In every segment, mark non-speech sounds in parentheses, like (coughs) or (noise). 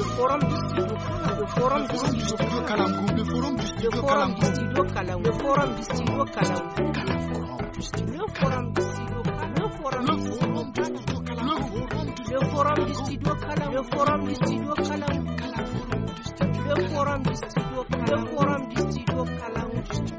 le forum du studio le forum du studio le forum du studio Kalamkou le forum du studio Kalamkou le forum du studio Kalamkou le forum du studio Kalamkou forum du studio forum du studio forum du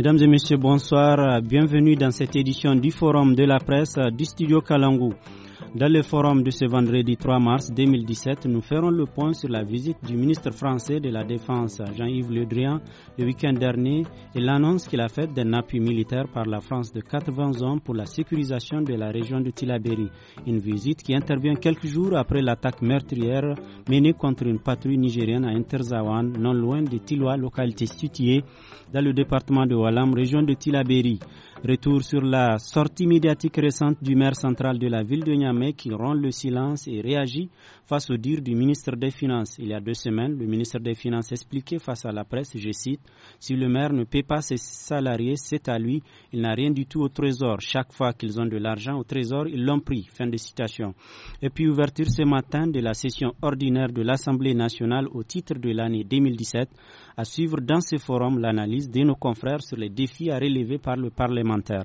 Mesdames et messieurs, bonsoir. Bienvenue dans cette édition du Forum de la presse du studio Kalangou. Dans le forum de ce vendredi 3 mars 2017, nous ferons le point sur la visite du ministre français de la Défense, Jean-Yves Le Drian, le week-end dernier et l'annonce qu'il a faite d'un appui militaire par la France de 80 hommes pour la sécurisation de la région de Tilaberi. Une visite qui intervient quelques jours après l'attaque meurtrière menée contre une patrouille nigérienne à Interzawan, non loin de Tiloa, localité située dans le département de Walam, région de Tilaberi. Retour sur la sortie médiatique récente du maire central de la ville de Niamey mais qui rend le silence et réagit face au dire du ministre des Finances. Il y a deux semaines, le ministre des Finances expliquait face à la presse, je cite, Si le maire ne paie pas ses salariés, c'est à lui, il n'a rien du tout au trésor. Chaque fois qu'ils ont de l'argent au trésor, ils l'ont pris. Fin de citation. Et puis ouverture ce matin de la session ordinaire de l'Assemblée nationale au titre de l'année 2017, à suivre dans ce forum l'analyse de nos confrères sur les défis à relever par le parlementaire.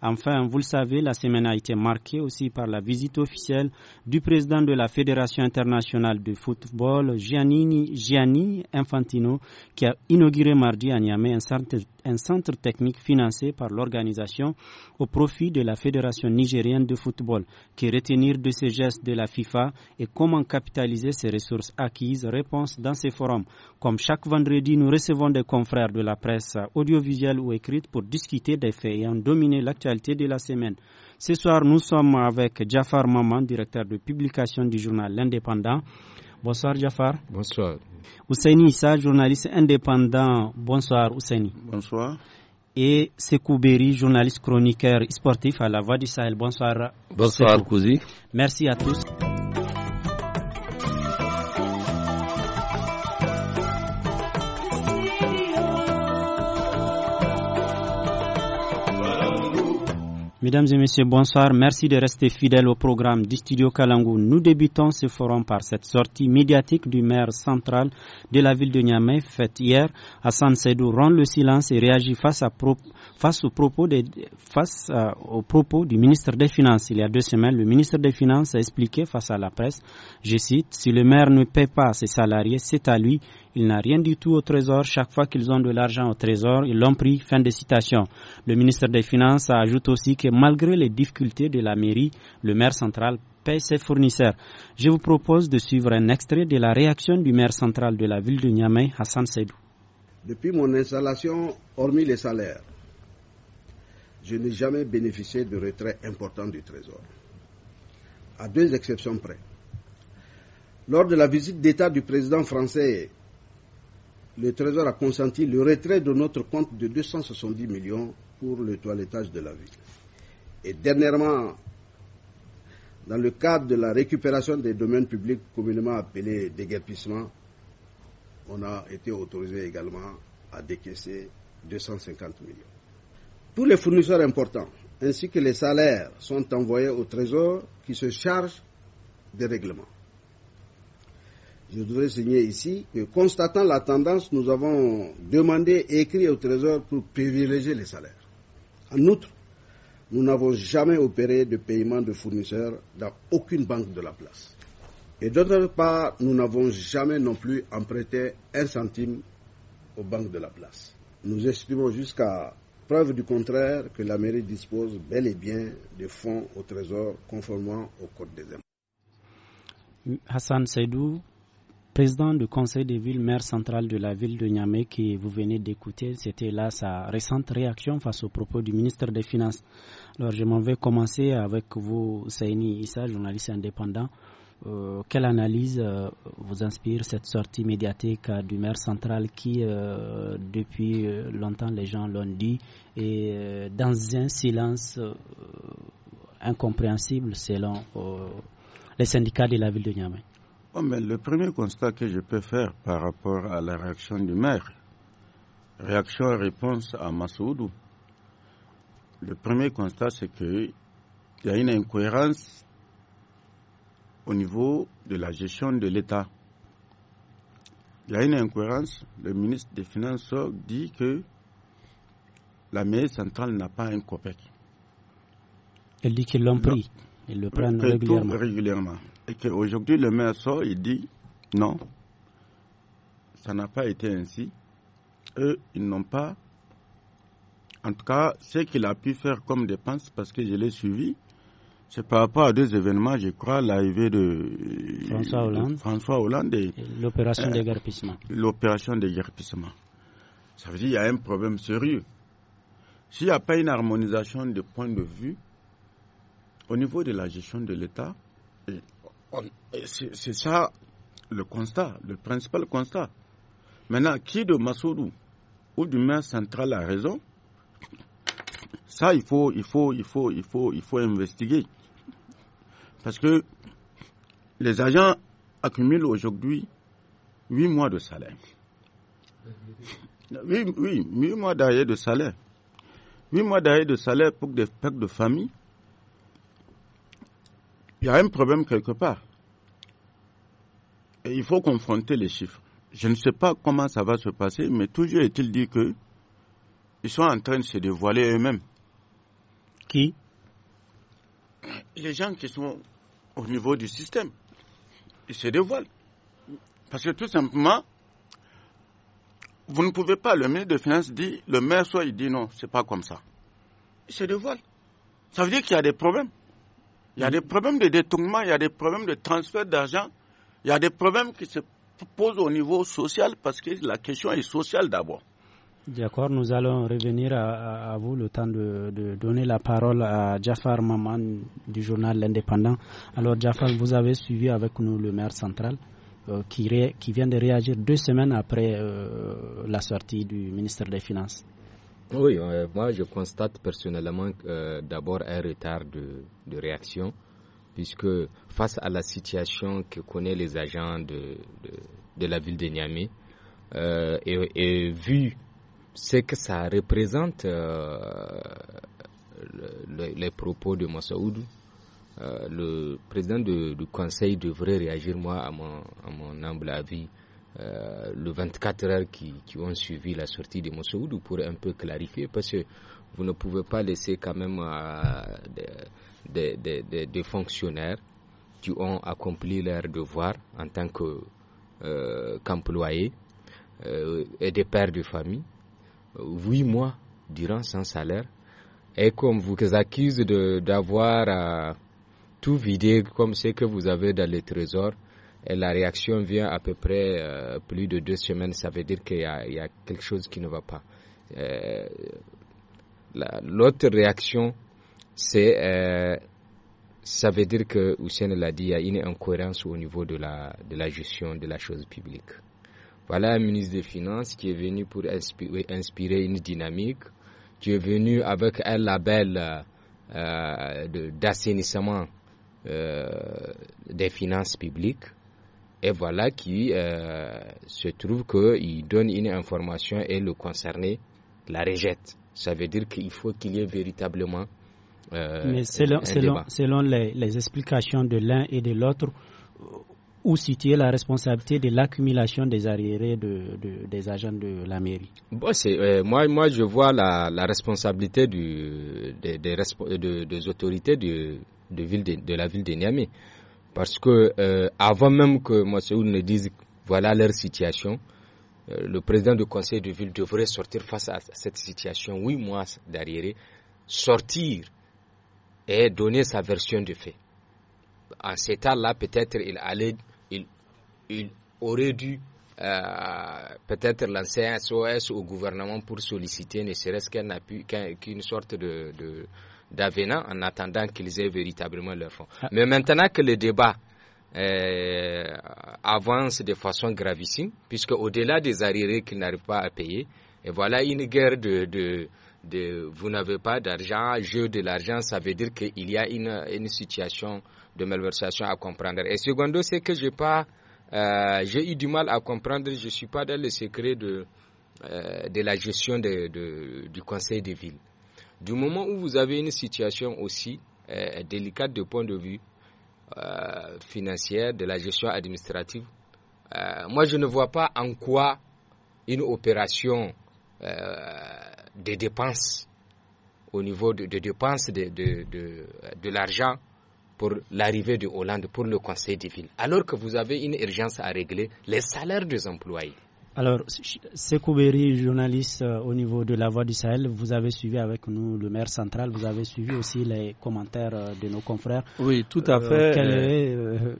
Enfin, vous le savez, la semaine a été marquée aussi par la visite officielle du président de la Fédération internationale de football, Gianni, Infantino, qui a inauguré mardi à Niamey un centre un centre technique financé par l'organisation au profit de la Fédération nigérienne de football. Que retenir de ces gestes de la FIFA et comment capitaliser ces ressources acquises Réponse dans ces forums. Comme chaque vendredi, nous recevons des confrères de la presse audiovisuelle ou écrite pour discuter des faits et en dominer l'actualité de la semaine. Ce soir, nous sommes avec Jafar Maman, directeur de publication du journal L'Indépendant. Bonsoir Jafar. Bonsoir. Ousseini Issa, journaliste indépendant. Bonsoir Ousseini. Bonsoir. Et Sekou journaliste chroniqueur sportif à La Voix du Sahel. Bonsoir. Bonsoir Kouzi. Merci à tous. Mesdames et messieurs, bonsoir. Merci de rester fidèles au programme du studio Kalangou. Nous débutons ce forum par cette sortie médiatique du maire central de la ville de Niamey, faite hier. Hassan Sedou rend le silence et réagit face, à aux propos du ministre des Finances. Il y a deux semaines, le ministre des Finances a expliqué face à la presse, je cite, si le maire ne paie pas ses salariés, c'est à lui il n'a rien du tout au Trésor. Chaque fois qu'ils ont de l'argent au Trésor, ils l'ont pris. Fin de citation. Le ministre des Finances ajoute aussi que malgré les difficultés de la mairie, le maire central paie ses fournisseurs. Je vous propose de suivre un extrait de la réaction du maire central de la ville de Niamey, Hassan Seydou. Depuis mon installation, hormis les salaires, je n'ai jamais bénéficié de retrait important du Trésor. À deux exceptions près. Lors de la visite d'État du président français le Trésor a consenti le retrait de notre compte de 270 millions pour le toilettage de la ville. Et dernièrement, dans le cadre de la récupération des domaines publics communément appelés déguerpissement, on a été autorisé également à décaisser 250 millions. Tous les fournisseurs importants ainsi que les salaires sont envoyés au Trésor qui se charge des règlements je devrais signer ici que, constatant la tendance, nous avons demandé et écrit au Trésor pour privilégier les salaires. En outre, nous n'avons jamais opéré de paiement de fournisseurs dans aucune banque de la place. Et d'autre part, nous n'avons jamais non plus emprunté un centime aux banques de la place. Nous estimons jusqu'à preuve du contraire que la mairie dispose bel et bien de fonds au trésor conformément au Code des impôts. Hassan Seydou, président du conseil des villes, maire central de la ville de Niamey, que vous venez d'écouter, c'était là sa récente réaction face aux propos du ministre des Finances. Alors, je m'en vais commencer avec vous, Saini Issa, journaliste indépendant. Euh, quelle analyse euh, vous inspire cette sortie médiatique euh, du maire central qui, depuis longtemps, les gens l'ont dit, est dans un silence incompréhensible selon les syndicats de la ville de Niamey le premier constat que je peux faire par rapport à la réaction du maire, réaction-réponse à Massoudou, le premier constat, c'est qu'il y a une incohérence au niveau de la gestion de l'État. Il y a une incohérence. Le ministre des Finances dit que la mairie centrale n'a pas un COPEC. Elle dit qu'ils l'ont pris. Ils le prennent régulièrement et qu'aujourd'hui le maire sort, il dit non, ça n'a pas été ainsi. Eux, ils n'ont pas. En tout cas, ce qu'il a pu faire comme dépense, parce que je l'ai suivi, c'est par rapport à deux événements, je crois, l'arrivée de François Hollande, François Hollande et, l'opération de euh, d'égarpissement. L'opération d'égarpissement. Ça veut dire qu'il y a un problème sérieux. S'il n'y a pas une harmonisation de points de vue, au niveau de la gestion de l'État, c'est ça le constat, le principal constat. Maintenant, qui de Massoudou ou du maire central a raison Ça, il faut, il faut, il faut, il faut, il faut investiguer. Parce que les agents accumulent aujourd'hui 8 mois de salaire. Oui, oui, 8 mois d'arrêt de salaire. 8 mois d'arrêt de salaire pour des pertes de famille il y a un problème quelque part. Et il faut confronter les chiffres. Je ne sais pas comment ça va se passer, mais toujours est-il dit qu'ils sont en train de se dévoiler eux-mêmes. Qui Les gens qui sont au niveau du système. Ils se dévoilent. Parce que tout simplement, vous ne pouvez pas, le ministre des Finances dit, le maire soit il dit non, c'est pas comme ça. Il se dévoile. Ça veut dire qu'il y a des problèmes. Il y a des problèmes de détournement, il y a des problèmes de transfert d'argent, il y a des problèmes qui se posent au niveau social parce que la question est sociale d'abord. D'accord, nous allons revenir à, vous le temps de, donner la parole à Jafar Maman du journal L'Indépendant. Alors Jafar, vous avez suivi avec nous le maire central euh, qui, vient de réagir deux semaines après euh, la sortie du ministre des Finances. Oui, euh, moi je constate personnellement euh, d'abord un retard de, réaction, puisque face à la situation que connaissent les agents de, la ville de Niamey, euh, et, vu ce que ça représente, les propos de Massaoudou, le président du conseil devrait réagir, moi, à mon humble avis, euh, le 24 heures qui, ont suivi la sortie de vous pour un peu clarifier, parce que vous ne pouvez pas laisser quand même euh, des, fonctionnaires qui ont accompli leur devoir en tant euh, qu'employés et des pères de famille, huit mois durant sans salaire, et comme vous accuse d'avoir tout vidé comme ce que vous avez dans les trésors, et la réaction vient à peu près euh, plus de deux semaines. Ça veut dire qu'il y, y, a quelque chose qui ne va pas. Euh, l'autre réaction, c'est euh, ça veut dire que Hussein l'a dit, il y a une incohérence au niveau de la, de la gestion de la chose publique. Voilà un ministre des Finances qui est venu pour inspirer, une dynamique, qui est venu avec un label d'assainissement des finances publiques, et voilà qui euh, se trouve qu'il donne une information et le concerné la rejette. Ça veut dire qu'il faut qu'il y ait véritablement. Euh, Mais selon, selon, les, explications de l'un et de l'autre, euh, où situer la responsabilité de l'accumulation des arriérés des agents de la mairie moi, moi, je vois la, responsabilité des, autorités de, ville de, la ville de Niamey. Parce que euh, avant même que Oud ne dise voilà leur situation, euh, le président du conseil de ville devrait sortir face à cette situation, huit mois d'arriéré, sortir et donner sa version de fait. En cet temps là peut-être il allait, il, aurait dû euh, peut-être lancer un SOS au gouvernement pour solliciter ne serait-ce qu'un qu'une sorte de d'avenant en attendant qu'ils aient véritablement leurs fonds. Ah. Mais maintenant que le débat euh, avance de façon gravissime, puisque au-delà des arriérés qu'ils n'arrivent pas à payer, et voilà une guerre de, vous n'avez pas d'argent, jeu de l'argent, ça veut dire qu'il y a une, situation de malversation à comprendre. Et secondo, c'est que euh, j'ai eu du mal à comprendre, je suis pas dans le secret de, euh, la gestion du conseil des villes. Du moment où vous avez une situation aussi euh, délicate de point de vue euh, financier, de la gestion administrative, euh, moi je ne vois pas en quoi une opération de dépenses au niveau de, dépenses de, de l'argent pour l'arrivée de Hollande pour le Conseil des villes, alors que vous avez une urgence à régler les salaires des employés. Alors, Sekou journaliste euh, au niveau de La Voix du Sahel, vous avez suivi avec nous le maire central, vous avez suivi aussi les commentaires euh, de nos confrères. Oui, tout à euh, fait.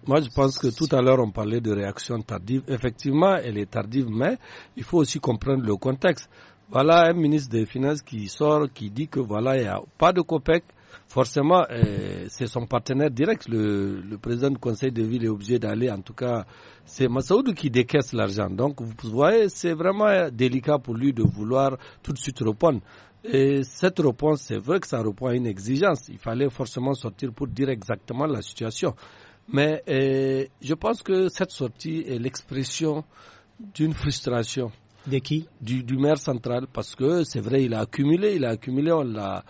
Moi, je pense que tout à l'heure, on parlait de réaction tardive. Effectivement, elle est tardive, mais il faut aussi comprendre le contexte. Voilà un ministre des Finances qui sort, qui dit que voilà, il n'y a pas de COPEC, forcément, euh, c'est son partenaire direct. Le, président du conseil de ville est obligé d'aller. En tout cas, c'est Massaoudou qui décaisse l'argent. Donc, vous voyez, c'est vraiment délicat pour lui de vouloir tout de suite répondre. Et cette réponse, c'est vrai que ça reprend une exigence. Il fallait forcément sortir pour dire exactement la situation. Mais euh, je pense que cette sortie est l'expression d'une frustration. De qui du, du, maire central, parce que c'est vrai, il a accumulé, il a accumulé, on l'a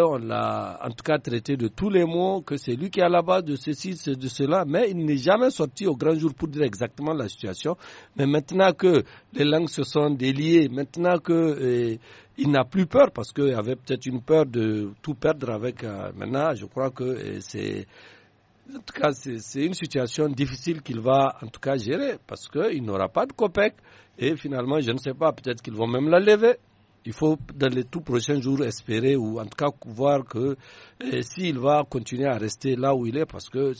on l'a en tout cas traité de tous les mots, que c'est lui qui est à la base de ceci, de cela, mais il n'est jamais sorti au grand jour pour dire exactement la situation. Mais maintenant que les langues se sont déliées, maintenant que eh, il n'a plus peur, parce qu'il avait peut-être une peur de tout perdre avec euh, maintenant, je crois que eh, c'est en tout cas, c'est une situation difficile qu'il va en tout cas gérer parce qu'il n'aura pas de COPEC et finalement, je ne sais pas, peut-être qu'ils vont même la lever il faut dans les tout prochains jours espérer ou en tout cas voir que eh, s'il va continuer à rester là où il est parce que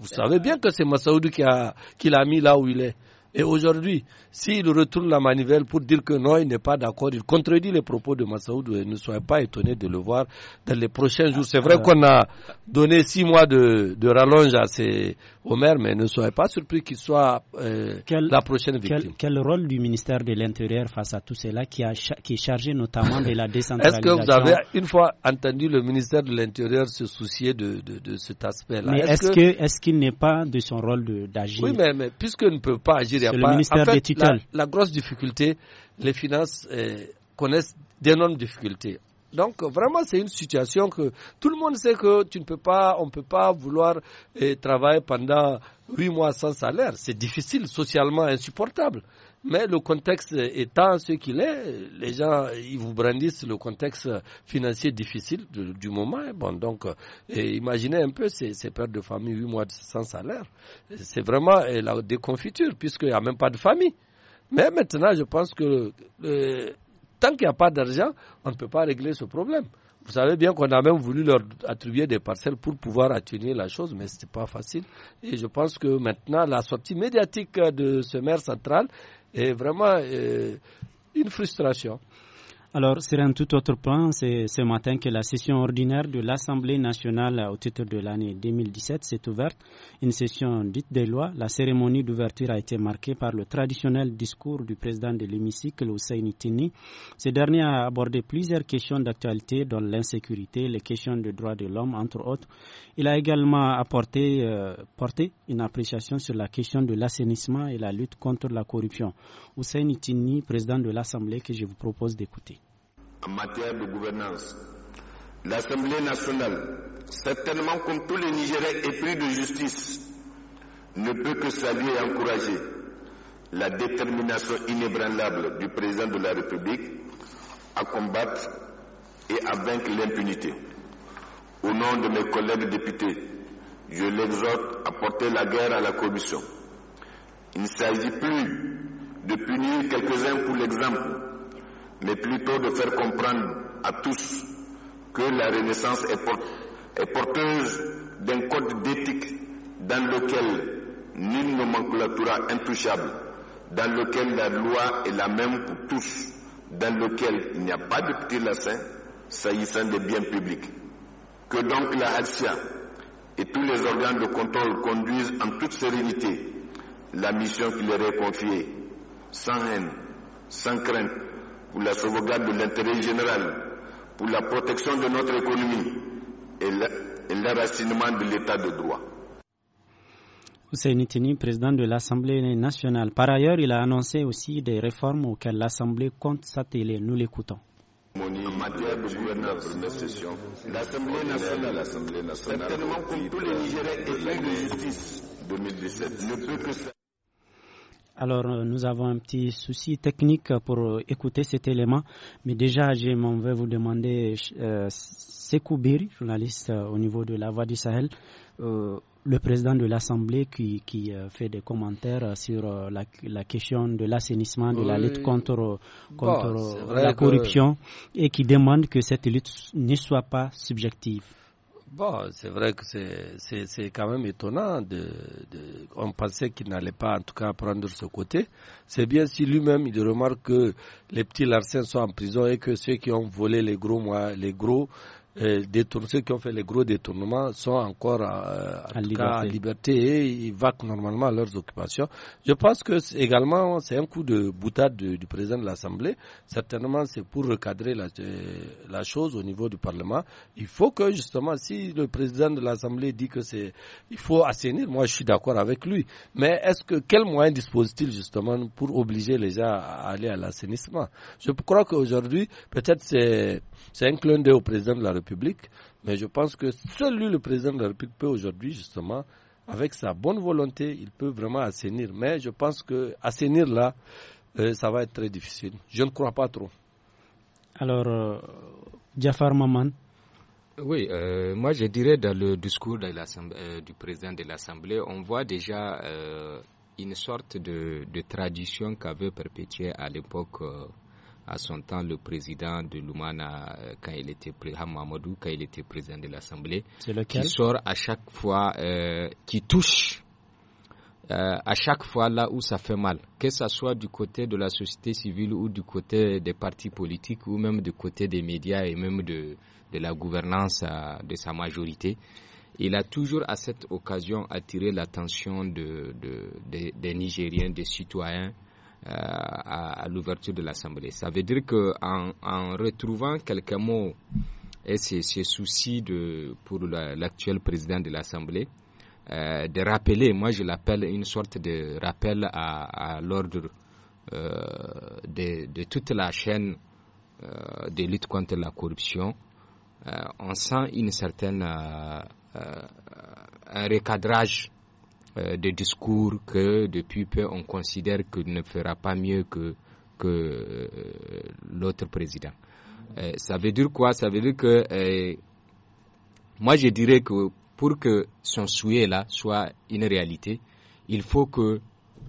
vous savez bien que c'est Massaoudou qui l'a qui mis là où il est. Et aujourd'hui, s'il retourne la manivelle pour dire que non, il n'est pas d'accord, il contredit les propos de Massaoud, ne soyez pas étonné de le voir dans les prochains jours. C'est vrai qu'on a donné six mois de, rallonge à ces Omer, mais ne soyez pas surpris qu'il soit euh, la prochaine victime. Quel, rôle du ministère de l'Intérieur face à tout cela qui, est chargé notamment de la décentralisation (laughs) Est-ce que vous avez une fois entendu le ministère de l'Intérieur se soucier de, cet aspect-là Mais est-ce, qu'il n'est pas de son rôle d'agir Oui, mais, mais puisqu'il ne peut pas agir c'est Le ministère des La, grosse difficulté, les finances eh, connaissent d'énormes difficultés. Donc vraiment, c'est une situation que tout le monde sait que tu ne peux pas, on ne peut pas vouloir eh, travailler pendant huit mois sans salaire. C'est difficile, socialement insupportable. Mais le contexte étant ce qu'il est, les gens, ils vous brandissent le contexte financier difficile du moment. Bon, donc, euh, imaginez un peu ces, pertes pères de famille, 8 mois sans salaire. C'est vraiment euh, la déconfiture, puisqu'il n'y a même pas de famille. Mais maintenant, je pense que euh, tant qu'il n'y a pas d'argent, on ne peut pas régler ce problème. Vous savez bien qu'on a même voulu leur attribuer des parcelles pour pouvoir atténuer la chose, mais ce n'était pas facile. Et je pense que maintenant, la sortie médiatique de ce maire central et vraiment, euh, une frustration. Alors, c'est un tout autre point c'est ce matin que la session ordinaire de l'Assemblée nationale au titre de l'année 2017 s'est ouverte. Une session dite des lois. La cérémonie d'ouverture a été marquée par le traditionnel discours du président de l'hémicycle, Hussein Itini. Ce dernier a abordé plusieurs questions d'actualité, dont l'insécurité, les questions des droits de l'homme, entre autres. Il a également apporté euh, porté une appréciation sur la question de l'assainissement et la lutte contre la corruption. Hussein Itini, président de l'Assemblée, que je vous propose d'écouter en matière de gouvernance. L'Assemblée nationale, certainement comme tous les Nigériens épris de justice, ne peut que saluer et encourager la détermination inébranlable du président de la République à combattre et à vaincre l'impunité. Au nom de mes collègues députés, je l'exhorte à porter la guerre à la Commission. Il ne s'agit plus de punir quelques-uns pour l'exemple, mais plutôt de faire comprendre à tous que la Renaissance est porteuse d'un code d'éthique dans lequel nul nomenclatura intouchable, dans lequel la loi est la même pour tous, dans lequel il n'y a pas de petit lacin saillissant des biens publics. Que donc la Hatia et tous les organes de contrôle conduisent en toute sérénité la mission qui leur est confiée, sans haine, sans crainte, pour la sauvegarde de l'intérêt général, pour la protection de notre économie et l'arracinement de l'état de droit. Nitini, président de l'Assemblée nationale. Par ailleurs, il a annoncé aussi des réformes auxquelles l'Assemblée compte s'atteler. Nous l'écoutons. En matière de l'Assemblée nationale, certainement comme tous les et de justice 2017, alors, euh, nous avons un petit souci technique pour euh, écouter cet élément, mais déjà, je m'en vais vous demander, euh, Sekou Biri, journaliste euh, au niveau de la Voix du Sahel, le président de l'Assemblée qui, fait des commentaires sur la, question de l'assainissement, de la lutte contre, la corruption, et qui demande que cette lutte ne soit pas subjective. Bon, c'est vrai que c'est quand même étonnant. De, on pensait qu'il n'allait pas, en tout cas, prendre ce côté. C'est bien si lui-même, il remarque que les petits larcins sont en prison et que ceux qui ont volé les gros, les gros euh, ceux qui ont fait les gros détournements sont encore à euh, liberté. et ils vaquent normalement à leurs occupations. Je pense que également c'est un coup de boutade du, président de l'Assemblée. Certainement c'est pour recadrer la, euh, la, chose au niveau du Parlement. Il faut que justement si le président de l'Assemblée dit que c'est il faut assainir, moi je suis d'accord avec lui. Mais est-ce que quel moyen dispose-t-il justement pour obliger les gens à aller à l'assainissement Je crois qu'aujourd'hui peut-être c'est c'est un clin au président de la République, mais je pense que seul le président de la République, peut aujourd'hui, justement, avec sa bonne volonté, il peut vraiment assainir. Mais je pense que assainir là, euh, ça va être très difficile. Je ne crois pas trop. Alors, euh, Jafar Maman. Oui, euh, moi je dirais dans le discours du président de l'Assemblée, on voit déjà une sorte de, de tradition qu'avait perpétuée à l'époque à son temps le président de l'Oumana euh, quand il était quand il était président de l'Assemblée qui sort à chaque fois euh, qui touche euh, à chaque fois là où ça fait mal, que ce soit du côté de la société civile ou du côté des partis politiques ou même du côté des médias et même de, de la gouvernance de sa majorité. Il a toujours à cette occasion attiré l'attention des Nigériens, des citoyens euh, à, l'ouverture de l'Assemblée. Ça veut dire qu'en en retrouvant quelques mots et ces, soucis de, pour l'actuel président de l'Assemblée, euh, de rappeler, moi je l'appelle une sorte de rappel à, l'ordre euh, de, toute la chaîne de lutte contre la corruption, on sent une certaine recadrage euh, des discours que depuis peu on considère qu'il ne fera pas mieux que, que euh, l'autre président. Euh, ça veut dire quoi Ça veut dire que moi je dirais que pour que son souhait là soit une réalité, il faut que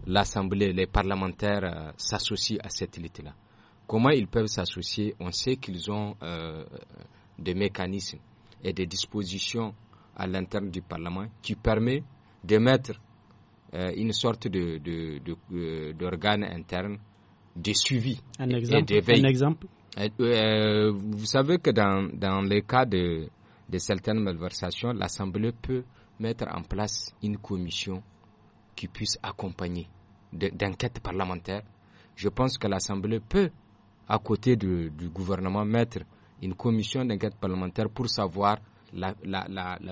l'Assemblée, les parlementaires s'associent à cette lutte-là. Comment ils peuvent s'associer On sait qu'ils ont des mécanismes et des dispositions à l'intérieur du Parlement qui permettent de mettre euh, une sorte de, euh, d'organe de, interne de suivi un exemple, Un exemple euh, Vous savez que dans, dans les cas de, certaines malversations, l'Assemblée peut mettre en place une commission qui puisse accompagner d'enquêtes parlementaires. Je pense que l'Assemblée peut, à côté du gouvernement, mettre une commission d'enquête parlementaire pour savoir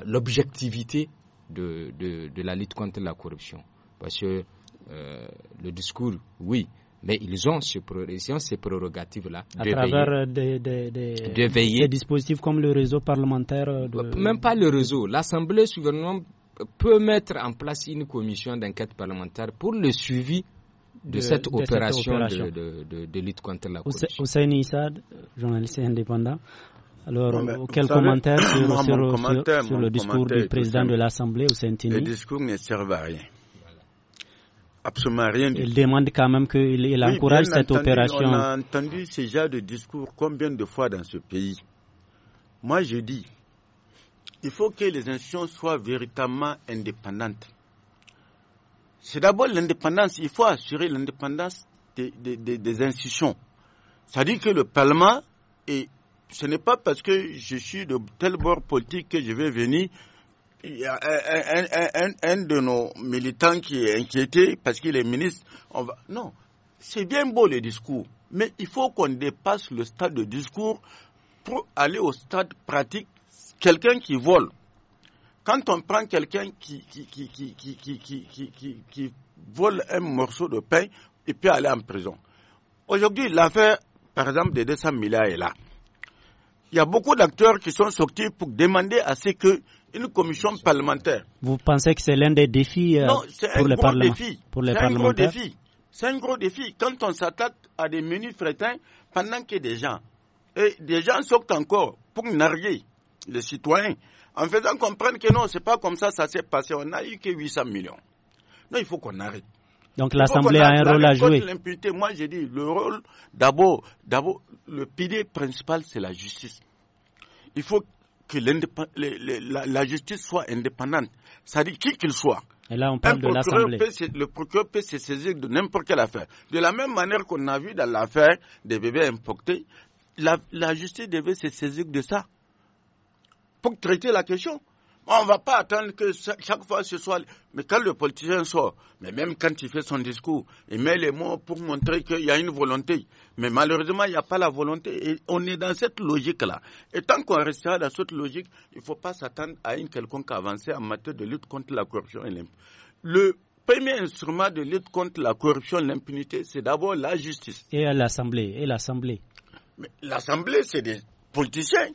l'objectivité de, de, de, la lutte contre la corruption. Parce que euh, le discours, oui, mais ils ont, ces prérogatives-là. À travers euh, des, des, des, dispositifs comme le réseau parlementaire euh, Même pas le réseau. L'Assemblée souveraine peut mettre en place une commission d'enquête parlementaire pour le suivi de, cette, opération de, de, lutte contre la corruption. Hussein Issad journaliste indépendant, alors, euh, quel commentaire (coughs) sur, le discours du président de l'Assemblée au saint Le discours ne sert à rien. Absolument rien. Il demande quand même qu'il encourage cette opération. On a entendu ce genre de discours combien de fois dans ce pays Moi, je dis, il faut que les institutions soient véritablement indépendantes. C'est d'abord l'indépendance, il faut assurer l'indépendance des, des, institutions. C'est-à-dire que le Parlement est ce n'est pas parce que je suis de tel bord politique que je vais venir. Il y a un, de nos militants qui est inquiété parce qu'il est ministre. Non, c'est bien beau le discours, mais il faut qu'on dépasse le stade de discours pour aller au stade pratique. Quelqu'un qui vole, quand on prend quelqu'un qui, qui, qui, vole un morceau de pain, et peut aller en prison. Aujourd'hui, l'affaire, par exemple, des 200 milliards est là il y a beaucoup d'acteurs qui sont sortis pour demander à ce qu'une commission parlementaire. Vous pensez que c'est l'un des défis euh, pour, les défi. parlementaires C'est un gros défi. C'est un gros défi. Quand on s'attaque à des menus frétins pendant que des gens, et des gens sortent encore pour narguer les citoyens, en faisant comprendre que non, c'est pas comme ça, ça s'est passé. On n'a eu que 800 millions. Non, il faut qu'on arrête. Donc l'Assemblée a un rôle à jouer. moi j'ai dit, le rôle, d'abord, d'abord, le pilier principal, c'est la justice. Il faut que la, justice soit indépendante. C'est-à-dire, qui qu'il soit. Et là, on parle de l'Assemblée. Le procureur peut se saisir de n'importe quelle affaire. De la même manière qu'on a vu dans l'affaire des bébés importés, la justice devait se saisir de ça pour traiter la question. On ne va pas attendre que chaque fois ce soit. Mais quand le politicien sort, mais même quand il fait son discours, il met les mots pour montrer qu'il y a une volonté. Mais malheureusement, il n'y a pas la volonté. Et on est dans cette logique-là. Et tant qu'on restera dans cette logique, il ne faut pas s'attendre à une quelconque avancée en matière de lutte contre la corruption et l'impunité. Le premier instrument de lutte contre la corruption et l'impunité, c'est d'abord la justice. Et l'Assemblée. Et l'Assemblée. l'Assemblée, c'est des politiciens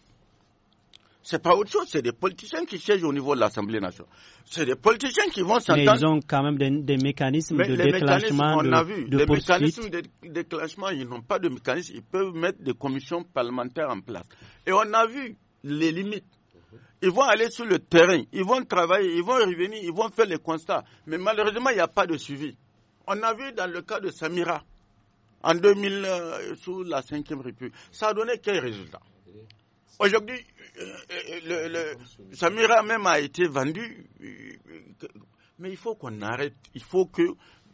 c'est pas autre chose, c'est des politiciens qui siègent au niveau de l'Assemblée nationale. C'est des politiciens qui vont s'entendre. Mais ils ont quand même des, mécanismes de déclenchement. a vu, les mécanismes de déclenchement, ils n'ont pas de mécanisme. Ils peuvent mettre des commissions parlementaires en place. Et on a vu les limites. Ils vont aller sur le terrain, ils vont travailler, ils vont revenir, ils vont faire les constats. Mais malheureusement, il n'y a pas de suivi. On a vu dans le cas de Samira, en 2000, euh, sous la 5e République, ça a donné quel résultat Aujourd'hui, le, Samira même a été vendue. Euh, mais il faut qu'on arrête. Il faut que,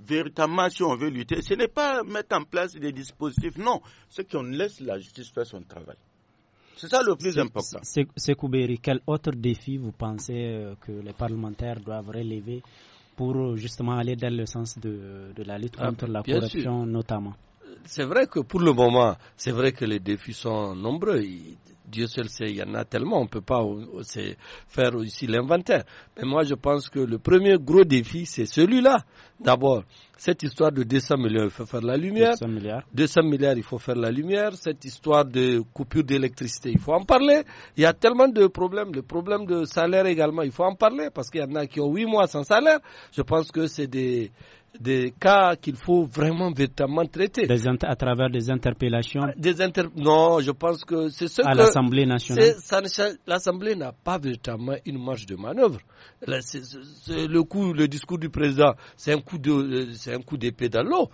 véritablement, si on veut lutter, ce n'est pas mettre en place des dispositifs. Non, c'est qu'on laisse la justice faire son travail. C'est ça le plus important. C'est Koubéry, quel autre défi vous pensez euh, que les parlementaires doivent relever pour euh, justement aller dans le sens de, la lutte ah, contre la corruption notamment c'est vrai que pour le moment, c'est vrai que les défis sont nombreux. Dieu seul sait, il y en a tellement, on ne peut pas faire aussi l'inventaire. Mais moi, je pense que le premier gros défi, c'est celui-là. D'abord, cette histoire de 200 milliards, il faut faire la lumière. 200 milliards. 200 milliards, il faut faire la lumière. Cette histoire de coupure d'électricité, il faut en parler. Il y a tellement de problèmes. Le problème de salaire également, il faut en parler parce qu'il y en a qui ont 8 mois sans salaire. Je pense que c'est des, des cas qu'il faut vraiment véritablement traiter. à travers des interpellations Non, je pense que c'est ce que. À l'Assemblée nationale. L'Assemblée n'a pas véritablement une marge de manœuvre le coup, le discours du président, c'est un coup de, c'est un coup d'épée dans l'eau.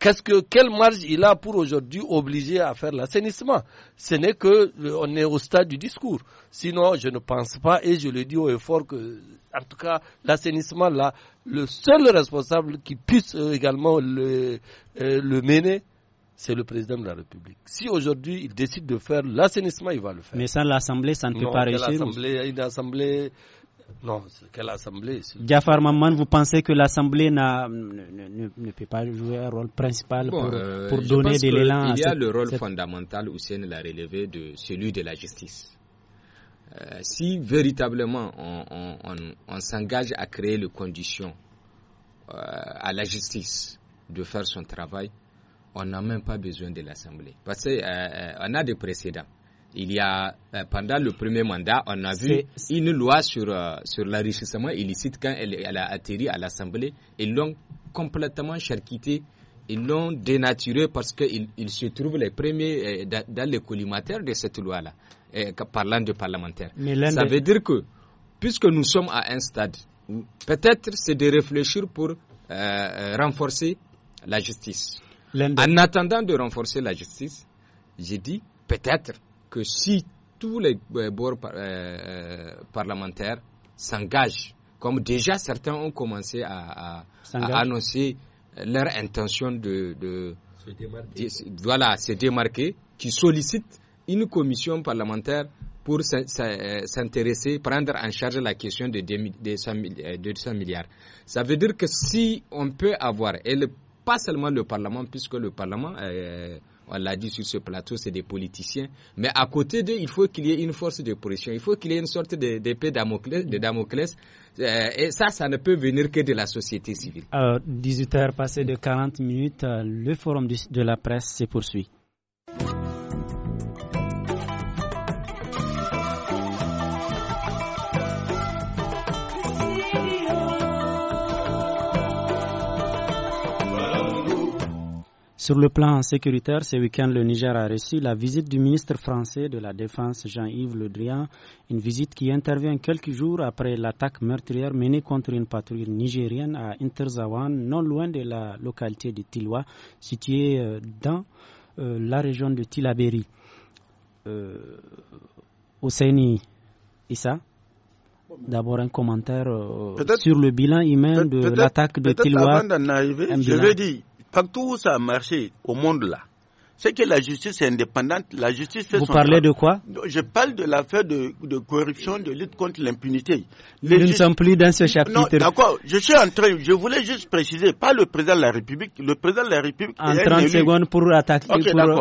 Qu'est-ce que, quelle marge il a pour aujourd'hui obliger à faire l'assainissement Ce n'est que, euh, on est au stade du discours. Sinon, je ne pense pas et je le dis au effort que, en tout cas, l'assainissement là, le seul responsable qui puisse euh, également euh, le, mener, c'est le président de la République. Si aujourd'hui il décide de faire l'assainissement, il va le faire. Mais sans l'Assemblée, ça ne peut pas réussir. L'assemblée, une assemblée non, c'est que l'Assemblée. Jafar Maman, vous pensez que l'Assemblée ne, peut pas jouer un rôle principal pour, euh, donner de l'élan Il y a le rôle fondamental, Hussein l'a relevé, de celui de la justice. Euh, si véritablement on, s'engage à créer les conditions euh, à la justice de faire son travail, on n'a même pas besoin de l'Assemblée. Parce qu'on a des précédents il y a euh, pendant le premier mandat, on a vu une loi sur, euh, sur l'enrichissement illicite quand elle, a atterri à l'Assemblée. Ils l'ont complètement charquité, ils l'ont dénaturée parce qu'ils il se trouvent les premiers euh, dans les collimateurs de cette loi-là, parlant de parlementaires. Ça veut dire que, puisque nous sommes à un stade où peut-être c'est de réfléchir pour renforcer la justice. En attendant de renforcer la justice, j'ai dit peut-être que si tous les euh, bords euh, euh, parlementaires s'engagent, comme déjà certains ont commencé à, annoncer leur intention de, se démarquer. voilà, se démarquer, qui sollicitent une commission parlementaire pour s'intéresser, prendre en charge la question de 200 milliards. Ça veut dire que si on peut avoir, et pas seulement le Parlement, puisque le Parlement, on l'a dit sur ce plateau, c'est des politiciens. Mais à côté d'eux, il faut qu'il y ait une force de pression. Il faut qu'il y ait une sorte d'épée de, Damoclès. Euh, et ça, ça ne peut venir que de la société civile. Alors, euh, 18 heures passées de 40 minutes, euh, le forum de la presse se poursuit. Sur le plan sécuritaire, ce week-end, le Niger a reçu la visite du ministre français de la Défense, Jean-Yves Le Drian, une visite qui intervient quelques jours après l'attaque meurtrière menée contre une patrouille nigérienne à Interzawan, non loin de la localité de Tilwa, située euh, dans euh, la région de Tilaberi. Euh, Oseini Issa, D'abord, un commentaire euh, sur le bilan humain de l'attaque de Tilwa. je vais dire partout où ça a marché au monde là, c'est que la justice est indépendante. La justice fait Vous parlez de quoi Je parle de l'affaire de, corruption, de lutte contre l'impunité. Nous ne sommes plus dans ce chapitre. d'accord. Je suis en train, je voulais juste préciser, pas le président de la République. Le président de la République. En 30 secondes pour attaquer.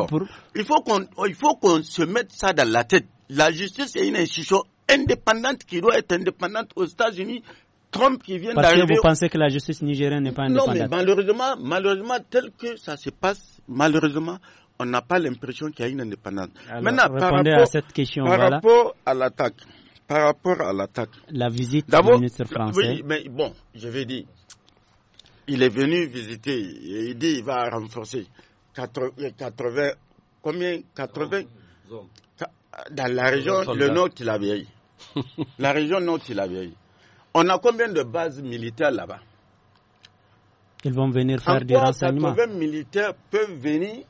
pour, Il faut qu'on, il faut qu'on se mette ça dans la tête. La justice est une institution indépendante qui doit être indépendante aux États-Unis Trump qui vient d'arriver. Parce que vous pensez que la justice nigérienne n'est pas indépendante. Non, mais malheureusement, malheureusement, tel que ça se passe, malheureusement, on n'a pas l'impression qu'il y a une indépendance. Alors, Maintenant, répondez par rapport, à cette question. Par rapport à l'attaque. Par rapport à l'attaque. La visite du ministre français. Oui, mais bon, je vais dire. Il est venu visiter et il dit qu'il va renforcer 80, 80 euh, combien 80 Dans la région, le nord, il a vieilli. la région nord, il a vieilli. On a combien de bases militaires là-bas Ils vont venir faire des quoi renseignements. 80 militaires peuvent venir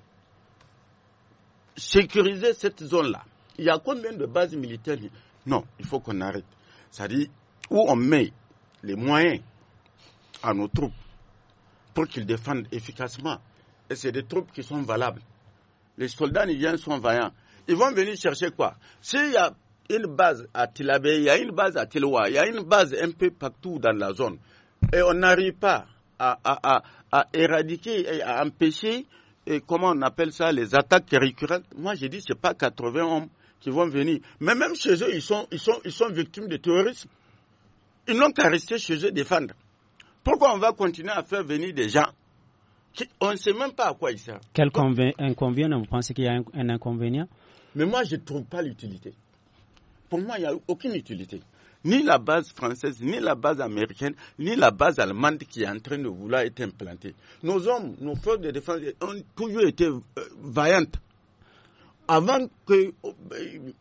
sécuriser cette zone-là. Il y a combien de bases militaires Non, il faut qu'on arrête. C'est-à-dire où on met les moyens à nos troupes pour qu'ils défendent efficacement. Et c'est des troupes qui sont valables. Les soldats viennent sont vaillants. Ils vont venir chercher quoi S'il y a une base à Tilabé, il y a une base à Tiloua, il y a une base un peu partout dans la zone. Et on n'arrive pas à, éradiquer et à empêcher, comment on appelle ça, les attaques récurrentes. Moi, j'ai dit, ce n'est pas 80 hommes qui vont venir. Mais même chez eux, ils sont, victimes de terrorisme. Ils n'ont qu'à rester chez eux défendre. Pourquoi on va continuer à faire venir des gens On ne sait même pas à quoi ils servent. Quel inconvénient Vous pensez qu'il y a un inconvénient Mais moi, je ne trouve pas l'utilité pour moi, il n'y a aucune utilité. Ni la base française, ni la base américaine, ni la base allemande qui est en train de vouloir être implantée. Nos hommes, nos forces de défense ont toujours été euh, vaillantes. Avant que. Euh,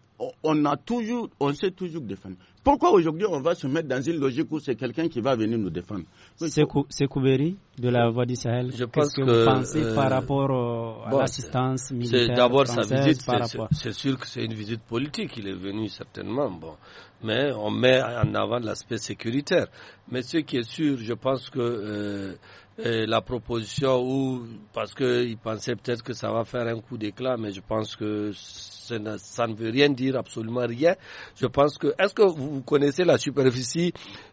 on a toujours. On s'est toujours défendu. Pourquoi aujourd'hui on va se mettre dans une logique où c'est quelqu'un qui va venir nous défendre C'est Kouberi, de la Voix du Sahel, qu'est-ce que, vous pensez euh, par rapport à l'assistance militaire D'abord sa visite, c'est sûr que c'est une visite politique, il est venu certainement, bon, mais on met en avant l'aspect sécuritaire. Mais ce qui est sûr, je pense que euh, la proposition ou parce qu'ils pensaient peut-être que ça va faire un coup d'éclat, mais je pense que ça ne, veut rien dire, absolument rien. Je pense que, est-ce que vous connaissez la superficie,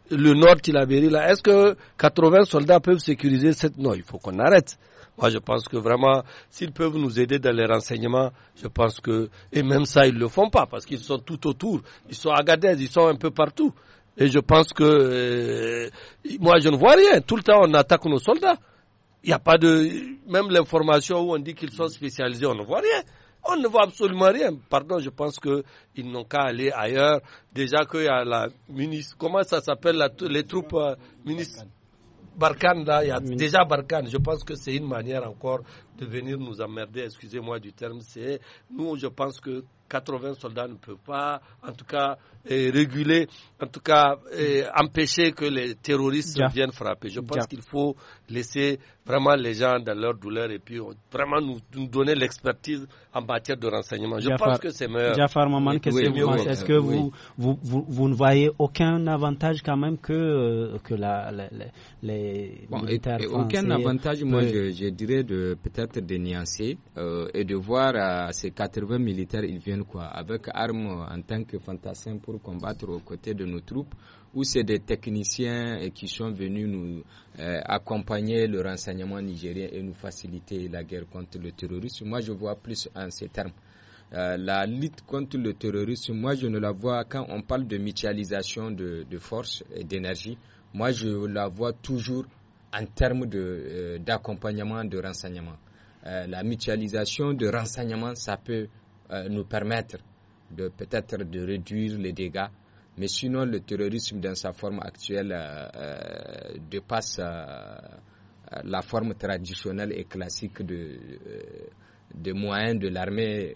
le nord la là, est-ce que 80 soldats peuvent sécuriser cette... Non, il faut qu'on arrête. Moi, je pense que vraiment, s'ils peuvent nous aider dans les renseignements, je pense que, et même ça, ils ne le font pas parce qu'ils sont tout autour. Ils sont à Gadez, ils sont un peu partout. Et je pense que euh, moi je ne vois rien. Tout le temps on attaque nos soldats. Il n'y a pas de même l'information où on dit qu'ils sont spécialisés, on ne voit rien. On ne voit absolument rien. Pardon, je pense qu'ils n'ont qu'à aller ailleurs. Déjà qu'il y a la ministre, comment ça s'appelle, les troupes euh, ministres Barkhane, là, il y a déjà Barkhane. Je pense que c'est une manière encore de venir nous emmerder, excusez-moi du terme. C'est nous, je pense que 80 soldats ne peuvent pas, en tout cas, eh, réguler, en tout cas, eh, empêcher que les terroristes viennent frapper. Je pense qu'il faut laisser vraiment les gens dans leur douleur et puis vraiment nous, donner l'expertise en matière de renseignement. Je pense que c'est meilleur. vous Est-ce que vous, ne voyez aucun avantage quand même que, euh, que les militaires Aucun avantage, moi, je, dirais de peut-être de euh, et de voir à euh, ces 80 militaires, ils viennent quoi, avec armes en tant que fantassins pour combattre aux côtés de nos troupes, ou c'est des techniciens qui sont venus nous euh, accompagner le renseignement nigérien et nous faciliter la guerre contre le terrorisme. Moi, je vois plus en ces termes. Euh, la lutte contre le terrorisme, moi, je ne la vois quand on parle de mutualisation de, de forces et d'énergie. Moi, je la vois toujours en termes d'accompagnement, de, euh, d'accompagnement de renseignement. la mutualisation de renseignement ça peut euh, nous permettre de peut-être de réduire les dégâts. Mais sinon, le terrorisme dans sa forme actuelle euh, euh, dépasse la forme traditionnelle et classique de, moyens de l'armée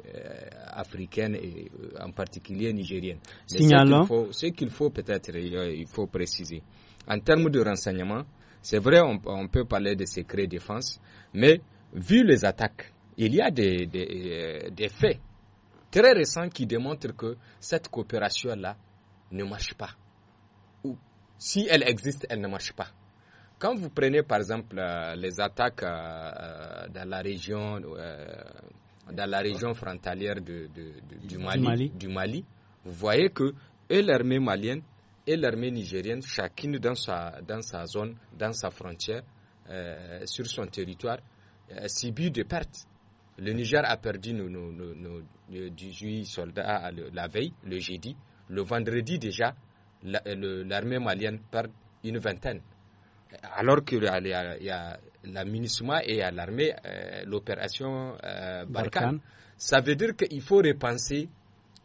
africaine et en particulier nigérienne. Signalons Ce qu'il faut, peut-être, il faut préciser. En termes de renseignement, c'est vrai, on, peut parler de secret défense, mais vu les attaques, il y a des, des, des faits très récent qui démontre que cette coopération-là ne marche pas. Ou si elle existe, elle ne marche pas. Quand vous prenez par exemple euh, les attaques euh, euh, dans la région, dans la région frontalière du, Mali, du, Mali. vous voyez que l'armée malienne et l'armée nigérienne, chacune dans sa, dans sa zone, dans sa frontière, sur son territoire, subit des pertes. Le Niger a perdu nos, 18 soldats ah, la veille, le jeudi. Le vendredi déjà, euh, l'armée malienne perd une vingtaine. Alors qu'il y, y a, la et l'armée, euh, l'opération euh, Barkhane. Ça veut dire qu'il faut repenser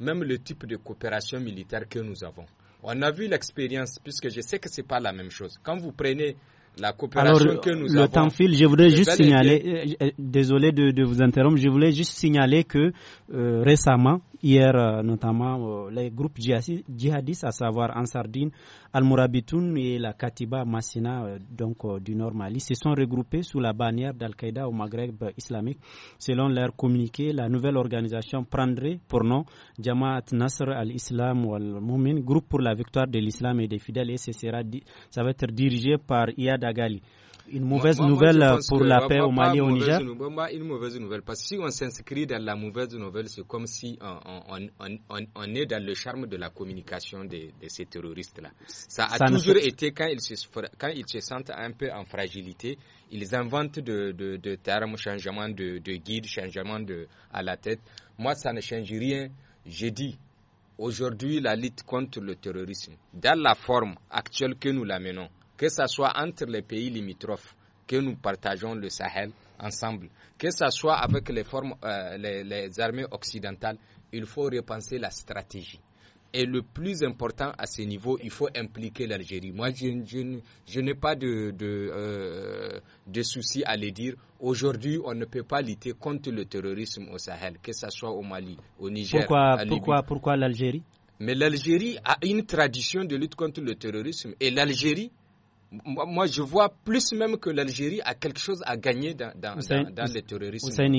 même le type de coopération militaire que nous avons. On a vu l'expérience, puisque je sais que ce n'est pas la même chose. Quand vous prenez la coopération que nous le temps file, je voudrais juste signaler, euh, euh, désolé de, vous interrompre, je voulais juste signaler que euh, récemment, hier notamment, les groupes djihadistes, à savoir Ansardine, Al-Mourabitoun et la Katiba Massina, donc du Nord Mali, se sont regroupés sous la bannière d'Al-Qaïda au Maghreb islamique. Selon leur communiqué, la nouvelle organisation prendrait pour nom Jamaat Nasr al-Islam ou al-Moumin, groupe pour la victoire de l'islam et des fidèles, et ce sera, ça va être dirigé par Dagali, une mauvaise nouvelle euh, pour la paix au Mali et au Niger Une mauvaise nouvelle, parce que si on s'inscrit dans la mauvaise nouvelle, c'est comme si on, est dans le charme de la communication de, ces terroristes-là. Ça a toujours été, quand ils, se, quand se sentent un peu en fragilité, ils inventent de, termes, changement de, guide, changement de, à la tête. Moi, ça ne change rien. J'ai dit, aujourd'hui, la lutte contre le terrorisme, dans la forme actuelle que nous l'amenons, que ce soit entre les pays limitrophes, que nous partageons le Sahel ensemble, que ce soit avec euh, les, armées occidentales, il faut repenser la stratégie. Et le plus important à ce niveau, il faut impliquer l'Algérie. Moi, je, n'ai pas de, euh, soucis souci à le dire. Aujourd'hui, on ne peut pas lutter contre le terrorisme au Sahel, que ce soit au Mali, au Niger. Pourquoi, pourquoi l'Algérie Mais l'Algérie a une tradition de lutte contre le terrorisme. Et l'Algérie, moi, je vois plus même que l'Algérie a quelque chose à gagner dans, dans, dans, les terroristes. Hussein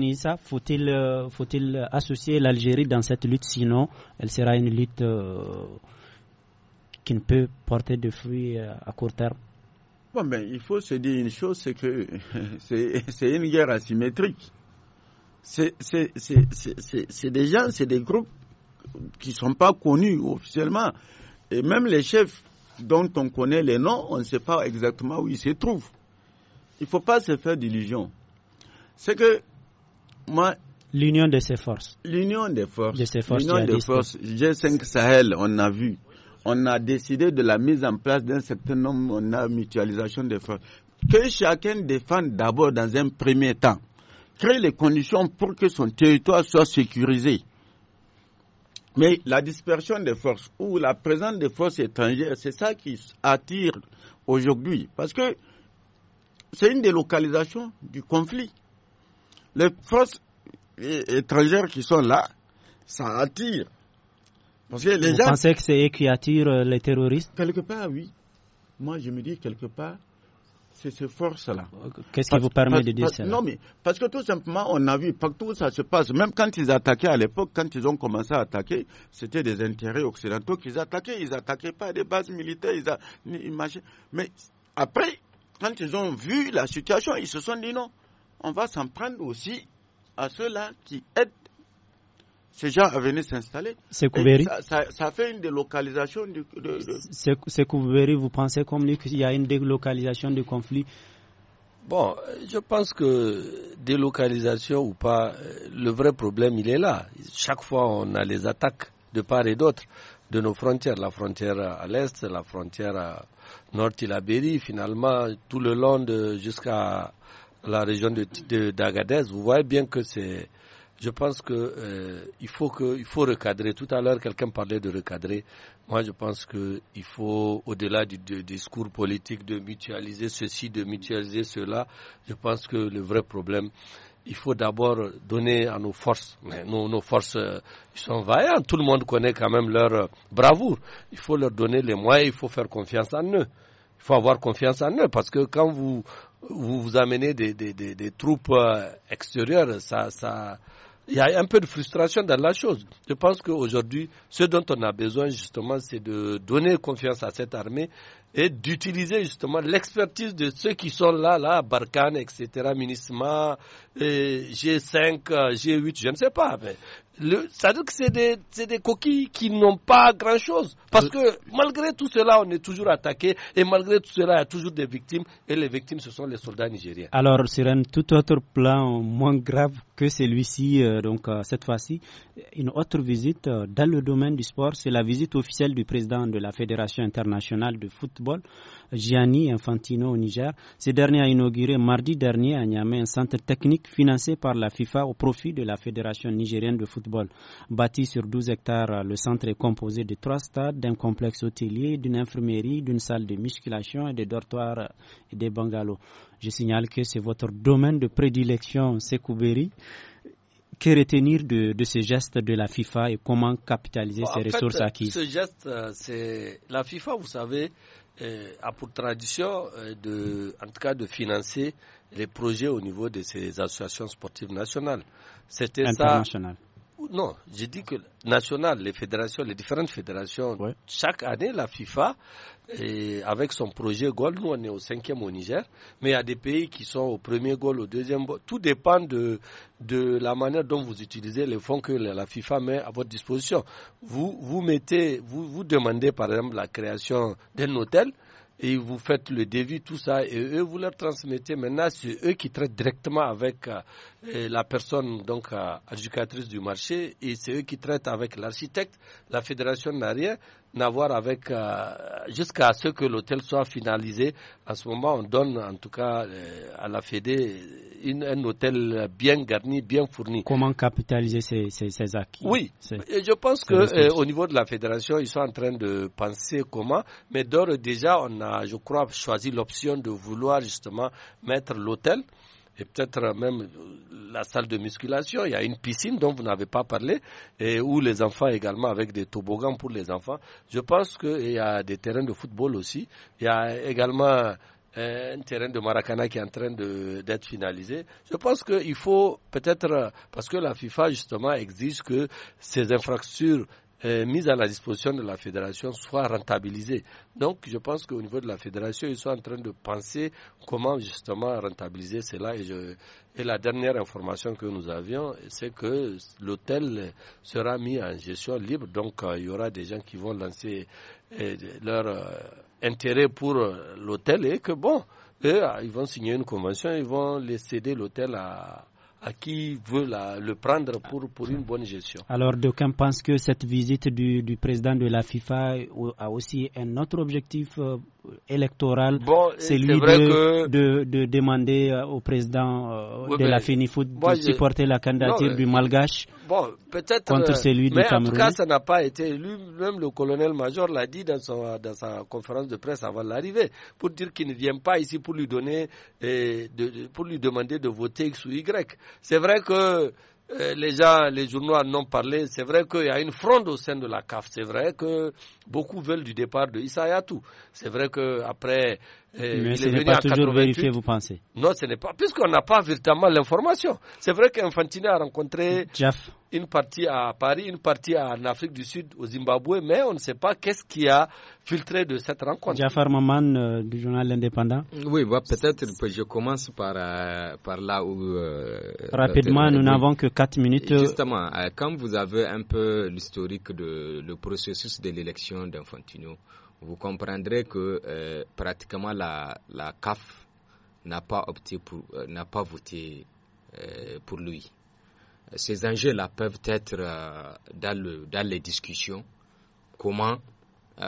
Issa, faut-il euh, faut associer l'Algérie dans cette lutte Sinon, elle sera une lutte euh, qui ne peut porter de fruits euh, à court terme. Bon, mais ben, il faut se dire une chose, c'est que (laughs) c'est une guerre asymétrique. C'est des gens, c'est des groupes qui ne sont pas connus officiellement. Et même les chefs dont on connaît les noms, on ne sait pas exactement où ils se trouvent. Il ne faut pas se faire d'illusions. C'est que moi. L'union de forces. L'union des forces. L'union des forces. G5 Sahel, on a vu. On a décidé de la mise en place d'un certain nombre, on a mutualisation des forces. Que chacun défende d'abord dans un premier temps. Créer les conditions pour que son territoire soit sécurisé. Mais la dispersion des forces ou la présence des forces étrangères, c'est ça qui attire aujourd'hui. Parce que c'est une délocalisation du conflit. Les forces étrangères qui sont là, ça attire. Vous pensez que c'est eux qui attirent euh, les terroristes Quelque part, oui. Moi, je me dis quelque part, c'est ces forces-là. Qu'est-ce qui vous permet de dire ça Non, mais parce que tout simplement, on a vu partout où ça se passe. Même quand ils attaquaient à l'époque, quand ils ont commencé à attaquer, c'était des intérêts occidentaux qu'ils attaquaient. Ils n'attaquaient pas des bases militaires. Ils Mais après, quand ils ont vu la situation, ils se sont dit non, on va s'en prendre aussi à ceux-là qui aident ces gens à venir s'installer. C'est ça, ça, fait une délocalisation De, vous pensez comme lui qu'il y a une délocalisation du conflit Bon, je pense que délocalisation ou pas, euh, le vrai problème, il est là. Chaque fois, on a les attaques de part et d'autre de nos frontières, la frontière à l'est, la frontière à nord tilabéry finalement, tout le long jusqu'à la région de d'Agadez. Vous voyez bien que c'est je pense que euh, il faut que il faut recadrer. Tout à l'heure, quelqu'un parlait de recadrer. Moi, je pense que il faut, au-delà du, discours politique, de mutualiser ceci, de mutualiser cela. Je pense que le vrai problème, il faut d'abord donner à nos forces. Nos, nos forces, euh, sont vaillants. Tout le monde connaît quand même leur euh, bravoure. Il faut leur donner les moyens. Il faut faire confiance en eux. Il faut avoir confiance en eux parce que quand vous vous, vous amenez des, des, des, des troupes euh, extérieures, ça, ça il y a un peu de frustration dans la chose. Je pense qu'aujourd'hui, ce dont on a besoin justement, c'est de donner confiance à cette armée et d'utiliser justement l'expertise de ceux qui sont là, là, Barkhane, etc., Minisma, G5, G8, euh, je ne sais pas. Mais ça veut dire que c'est des, des, coquilles qui n'ont pas grand-chose. Parce euh, que malgré tout cela, on est toujours attaqué et malgré tout cela, il y a toujours des victimes et les victimes, ce sont les soldats nigériens. Alors, sur un tout autre plan moins grave que celui-ci, euh, donc cette fois-ci, une autre visite dans le domaine du sport, c'est la visite officielle du président de la Fédération internationale de foot football, Gianni Infantino au Niger. Ce dernier a inauguré mardi dernier à Niamey un centre technique financé par la FIFA au profit de la Fédération nigérienne de football. Bâti sur 12 hectares, le centre est composé de trois stades, d'un complexe hôtelier, d'une infirmerie, d'une salle de musculation et de dortoirs et des bungalows. Je signale que c'est votre domaine de prédilection, Sekouberi. Que retenir de, de, ce geste de la FIFA et comment capitaliser ces ressources acquises Ce geste, euh, c'est la FIFA, vous savez, euh, a pour tradition, euh, de, en tout cas, de financer les projets au niveau de ces associations sportives nationales. C'était ça. Non, j'ai dit que national, les fédérations, les différentes fédérations, chaque année, la FIFA et avec son projet goal, nous on est au cinquième au Niger, mais il y a des pays qui sont au premier goal, au deuxième goal. Tout dépend de, de la manière dont vous utilisez les fonds que la FIFA met à votre disposition. Vous, vous mettez, vous, vous demandez par exemple la création d'un hôtel et vous faites le devis, tout ça, et eux, vous leur transmettez. Maintenant, c'est eux qui traitent directement avec euh, la personne, donc, éducatrice euh, du marché, et c'est eux qui traitent avec l'architecte. La fédération n'a rien n'avoir avec euh, jusqu'à ce que l'hôtel soit finalisé. À ce moment, on donne en tout cas euh, à la Fédé un hôtel bien garni, bien fourni. Comment capitaliser ces, ces, acquis Oui, je pense qu'au euh, niveau de la fédération, ils sont en train de penser comment. Mais d'ores déjà, on a, je crois, choisi l'option de vouloir justement mettre l'hôtel et peut-être même la salle de musculation. Il y a une piscine dont vous n'avez pas parlé et où les enfants également avec des toboggans pour les enfants. Je pense qu'il y a des terrains de football aussi. Il y a également euh, un terrain de Maracana qui est en train d'être finalisé. Je pense qu'il faut peut-être, parce que la FIFA justement exige que ces infrastructures euh, à la disposition de la fédération soit rentabilisée Donc, je pense qu'au niveau de la fédération, ils sont en train de penser comment justement rentabiliser cela. Et, je, et la dernière information que nous avions, c'est que l'hôtel sera mis en gestion libre. Donc, euh, il y aura des gens qui vont lancer euh, leur euh, intérêt pour l'hôtel et que bon, eux, ils vont signer une convention, ils vont les céder l'hôtel à à qui veut le prendre pour, une bonne gestion. Alors, d'aucuns pense que cette visite du, président de la FIFA a aussi un autre objectif euh, électoral. c'est lui de, demander euh, au président euh, de la FiniFoot de supporter la candidature du Malgache contre celui du Cameroun. En tout cas, ça n'a pas été élu. Même le colonel-major l'a dit dans, sa conférence de presse avant l'arrivée pour dire qu'il ne vient pas ici pour lui donner, pour lui demander de voter X ou Y. C'est vrai que euh, les gens, les journaux n'ont ont parlé. C'est vrai qu'il y a une fronde au sein de la CAF. C'est vrai que beaucoup veulent du départ de Issa C'est vrai qu'après mais ce n'est pas toujours vérifié, vous pensez Non, ce n'est pas, puisqu'on n'a pas véritablement l'information. C'est vrai qu'Infantino a rencontré une partie à Paris, une partie en Afrique du Sud, au Zimbabwe, mais on ne sait pas qu'est-ce qui a filtré de cette rencontre. Jafar Maman euh, du journal Indépendant. Oui, bah, peut-être que je commence par, euh, là où... Euh, Rapidement, nous n'avons que 4 minutes. Justement, quand vous avez un peu l'historique de processus de l'élection d'Infantino, vous comprendrez que euh, pratiquement la, CAF n'a pas opté pour, euh, n'a pas voté euh, pour lui. Ces enjeux-là peuvent être dans, les discussions. Comment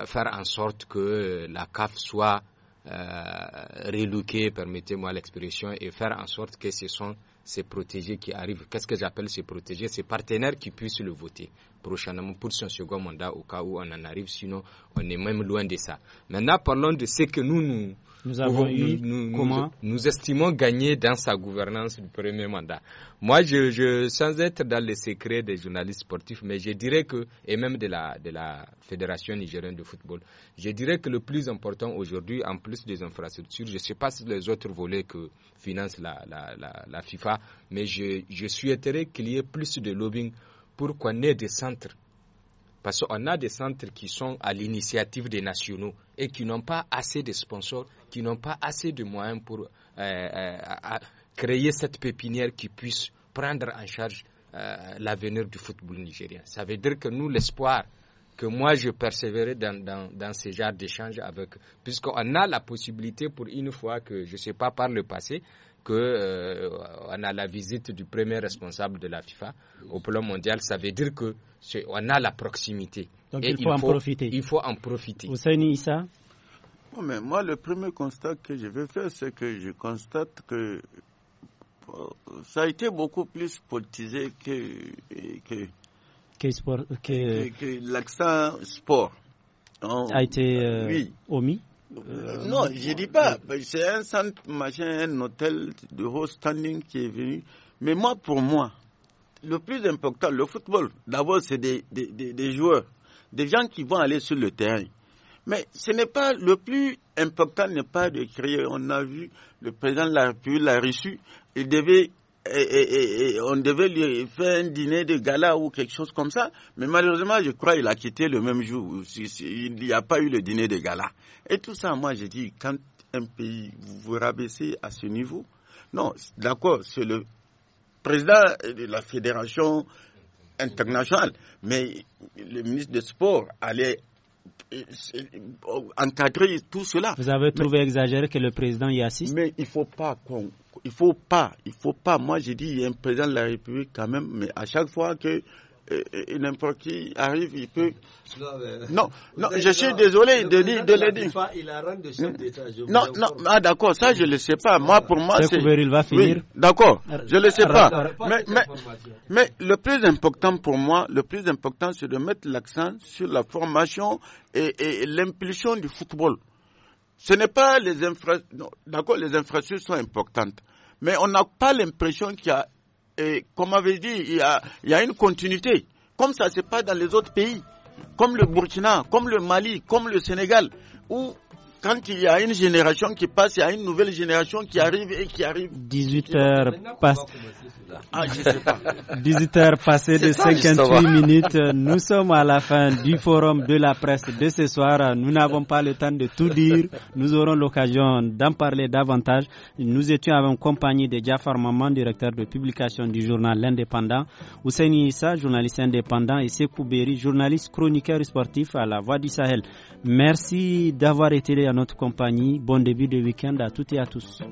faire en sorte que la CAF soit relouquée, permettez-moi l'expression, et faire en sorte que ce sont ces protégés qui arrivent. Qu'est-ce que j'appelle ces protégés Ces partenaires qui puissent le voter prochainement pour son second mandat au cas où on en arrive, sinon on est même loin de ça. Maintenant, parlons de ce que nous, nous, avons eu, nous, estimons gagner dans sa gouvernance du premier mandat. Moi, je, sans être dans les secrets des journalistes sportifs, mais je dirais que, et même de la, de la Fédération nigérienne de football, je dirais que le plus important aujourd'hui, en plus des infrastructures, je ne sais pas si les autres volets que finance la, la, FIFA, mais je, je souhaiterais qu'il y ait plus de lobbying pour qu'on ait des centres. Parce qu'on a des centres qui sont à l'initiative des nationaux et qui n'ont pas assez de sponsors, qui n'ont pas assez de moyens pour euh, euh, créer cette pépinière qui puisse prendre en charge euh, l'avenir du football nigérien. Ça veut dire que nous, l'espoir que moi je persévérais dans, dans ce genre d'échange avec, puisqu'on a la possibilité pour une fois que, je ne sais pas par le passé, qu'on euh, a la visite du premier responsable de la FIFA au plan mondial, ça veut dire que on a la proximité. Donc il, faut en profiter. Il faut en profiter. Ousseini Issa mais Moi, le premier constat que je vais faire, c'est que je constate que euh, ça a été beaucoup plus politisé que, que, l'accent sport. a été euh, omis euh, euh, non, je ne dis pas. Euh, c'est un centre, un hôtel de haut standing qui est venu. Mais moi, pour moi, le plus important, le football, d'abord, c'est des, des, joueurs, des gens qui vont aller sur le terrain. Mais ce n'est pas le plus important n'est pas de créer. On a vu le président de la République l'a reçu. Il devait et, on devait lui faire un dîner de gala ou quelque chose comme ça. Mais malheureusement, je crois qu'il a quitté le même jour. Il n'y a pas eu le dîner de gala. Et tout ça, moi, j'ai dit, quand un pays vous, vous rabaissez à ce niveau, non, d'accord, c'est le président de la fédération internationale, mais le ministre des Sports allait euh, encadrer tout cela. Vous avez trouvé exagéré que le président y assiste Mais il ne faut pas qu'on il faut pas, il faut pas. Moi, j'ai dit, il y a un président de la République quand même, mais à chaque fois que euh, euh, n'importe qui arrive, il peut. Non, je suis désolé de, le dire. Non, non, d'accord, ça je ne le sais pas. Moi, pour moi, c'est. il va finir. d'accord, euh, je ne le sais pas. Mais, le plus important pour moi, le plus important, c'est de mettre l'accent sur la formation et, et l'impulsion du football. Ce n'est pas les infrastructures. D'accord, les infrastructures sont importantes mais on n'a pas l'impression qu'il y a, et, comme dit, il y, a, une continuité, comme ça n'est pas dans les autres pays, comme le Burkina, comme le Mali, comme le Sénégal, où quand il y a une génération qui passe, il y a une nouvelle génération qui arrive et qui arrive. 18 heures passées. Ah, 18 (laughs) heures passées de 58 (laughs) minutes. Nous sommes à la fin du forum de la presse de ce soir. Nous n'avons pas le temps de tout dire. Nous aurons l'occasion d'en parler davantage. Nous étions en compagnie de Jafar Maman, directeur de publication du journal L'Indépendant, Ousseini Issa, journaliste indépendant, et Sekou Beri, journaliste chroniqueur sportif à la Voix du Sahel. Merci d'avoir été là notre compagnie. Bon début de week-end à toutes et à tous.